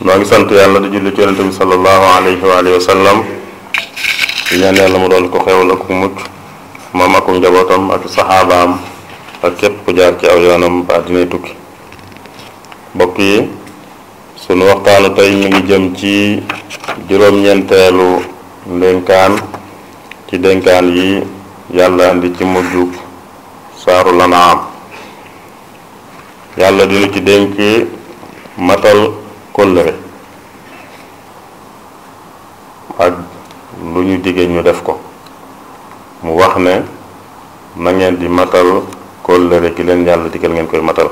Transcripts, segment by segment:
maa ngi sant yàlla di julli ci yonente bi sallallahu alayhi wa alihi wa sallam di ñaan yàlla mu doon ko la ak mucc moom ak njabootam ak saxaabaam ak képp ku jaar ci aw yoonam ba dinay tukki mbokk yi sunu waxtaanu tey mi ngi jëm ci juróom-ñeenteelu ndénkaan ci dénkaan yi yàlla andi ci mujjug saaru lanaam yàlla dinu ci dénk matal kóllëre ak lu ñu dige ñu def ko mu wax ne na ngeen di matal kóllëre gi leen yàlla digal ngeen koy matal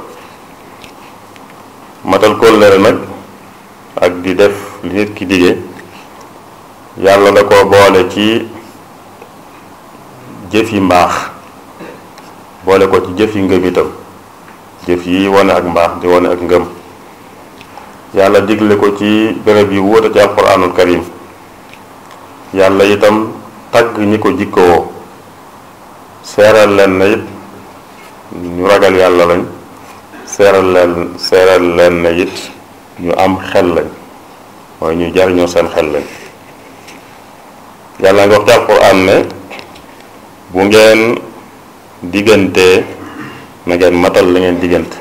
matal kóllëre nag ak di def li nit ki dige yàlla da ko boole ci jëf yi mbaax boole ko ci jëf yi ngëm itam jëf yi wane ak mbaax di wane ak ngëm yàlla digle ko ci béréb yi wóote ci alquranul karim yàlla itam tagg ñi ko jikkowoo seeral leen na it ñu ragal yàlla lañ seeral leen seeral leen na it ñu am xel lañ mooy ñu jariñoo seen xel lañ yàlla nga wax ci alquran ne bu ngeen diggante na ngeen matal la ngeen diggante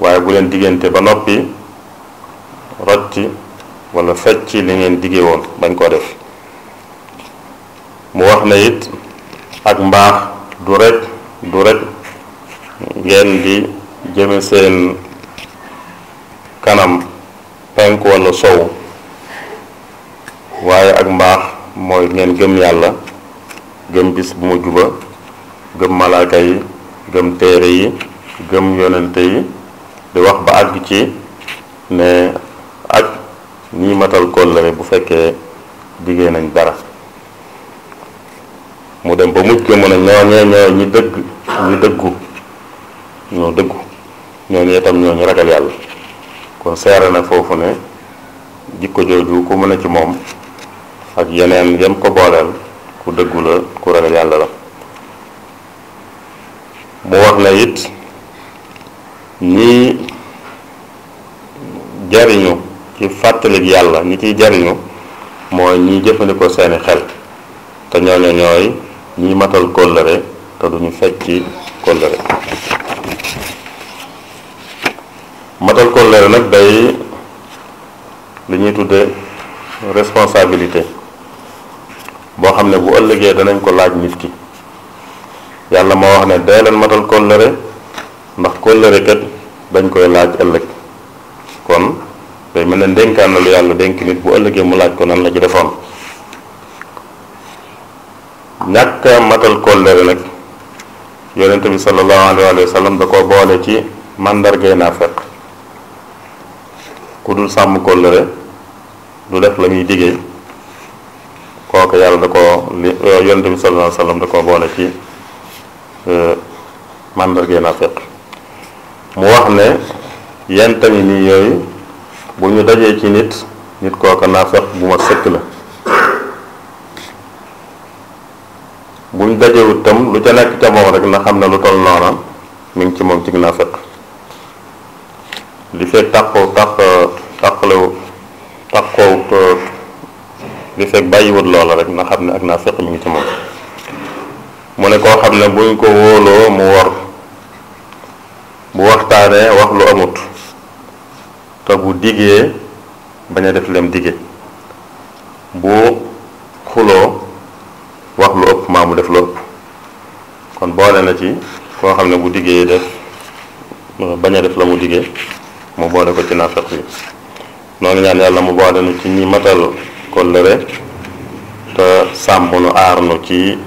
waaye bu leen diggante ba noppi xotti wala fecc li ngeen diggee woon bañ koo def mu wax na it ak mbaax du rek du rek ngeen di jëme seen kanam penk wala sow waaye ak mbaax mooy ngeen gëm yàlla gëm bis bu mujj ba gëm malaaka yi gëm téere yi gëm yonente yi di wax ba àgg ci ne ñii matal kóllëre bu fekkee digée nañ dara mu dem ba mujj mu ne ñooñee ñooy ñi dëgg ñi dëggu ñoo dëggu ñooñu itam ñoo ñu ragal yàlla kon seere na foofu ne jikko jooju ku mën a ci moom ak yeneen yem ko booleel ku dëggu la ku ragal yàlla la mu wax na it ñii jariñu ci fàttalik yàlla ñi ciy jariñu mooy ñiy jëfandikoo seeni xel te ñooñu ñooy ñiy matal kóllëre te duñu fecci kóllëre matal kóllëre nag day lu ñuy tudde responsabilité boo xam ne bu ëllëgee danañ ko laaj nit ki yàlla moo wax ne day leen matal kóllëre ndax kóllëre kat dañ koy laaj ëllëg mel ne dénkaan na lu yàlla dénk nit bu ëllëgee mu laaj ko nan la ci defoon ñàkk kóllëre nag yonent bi sallallahu alayhi wa sallam da ko boole ci màndargay naafeq ku dul sàmm kóllëre du def la muy diggee kooku yàlla da ko li yonent bi sallallahu wa sallam da ko boole ci e, màndargay naafeq mu wax ne yenn tamit nii yooyu bu ñu dajee ci nit nit kooka naafeq bu ma sëkk la buñ dajewut tam lu ca nekk ca moom rek na xam ne lu toll noona mu ngi ci moom ci naafeq li fekk tàqoo tàq tàqlewu tàqoo li fekk bàyyiwut loola xam ne ak naafeq mi ngi ci moom mu ne koo xam ne buñ ko wóoloo mu wor bu waxtaanee wax lu amut diggee bañ a def lem digge bu xuloo wax lu ëpp maamu def lu ëpp kon boole na ci koo xam ne bu diggee def bañ a def la mu diggee mu boole ko ci naafeq yi noonu ñaan yàlla mu boole nu ci ñi matal kóllëre te sàmm nu aar nu ci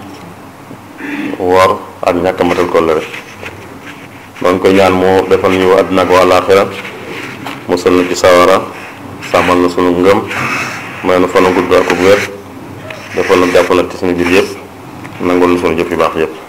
wor ak ñàkk matal kóllëre noonu koy ñaan mu defal ñu àddina ak musal na ci sawara sàmmal na sunu ngëm may na fan a gudd ak wér defal na jàppalante suñu jur yëpp nangul na sunu jëf yu baax yëpp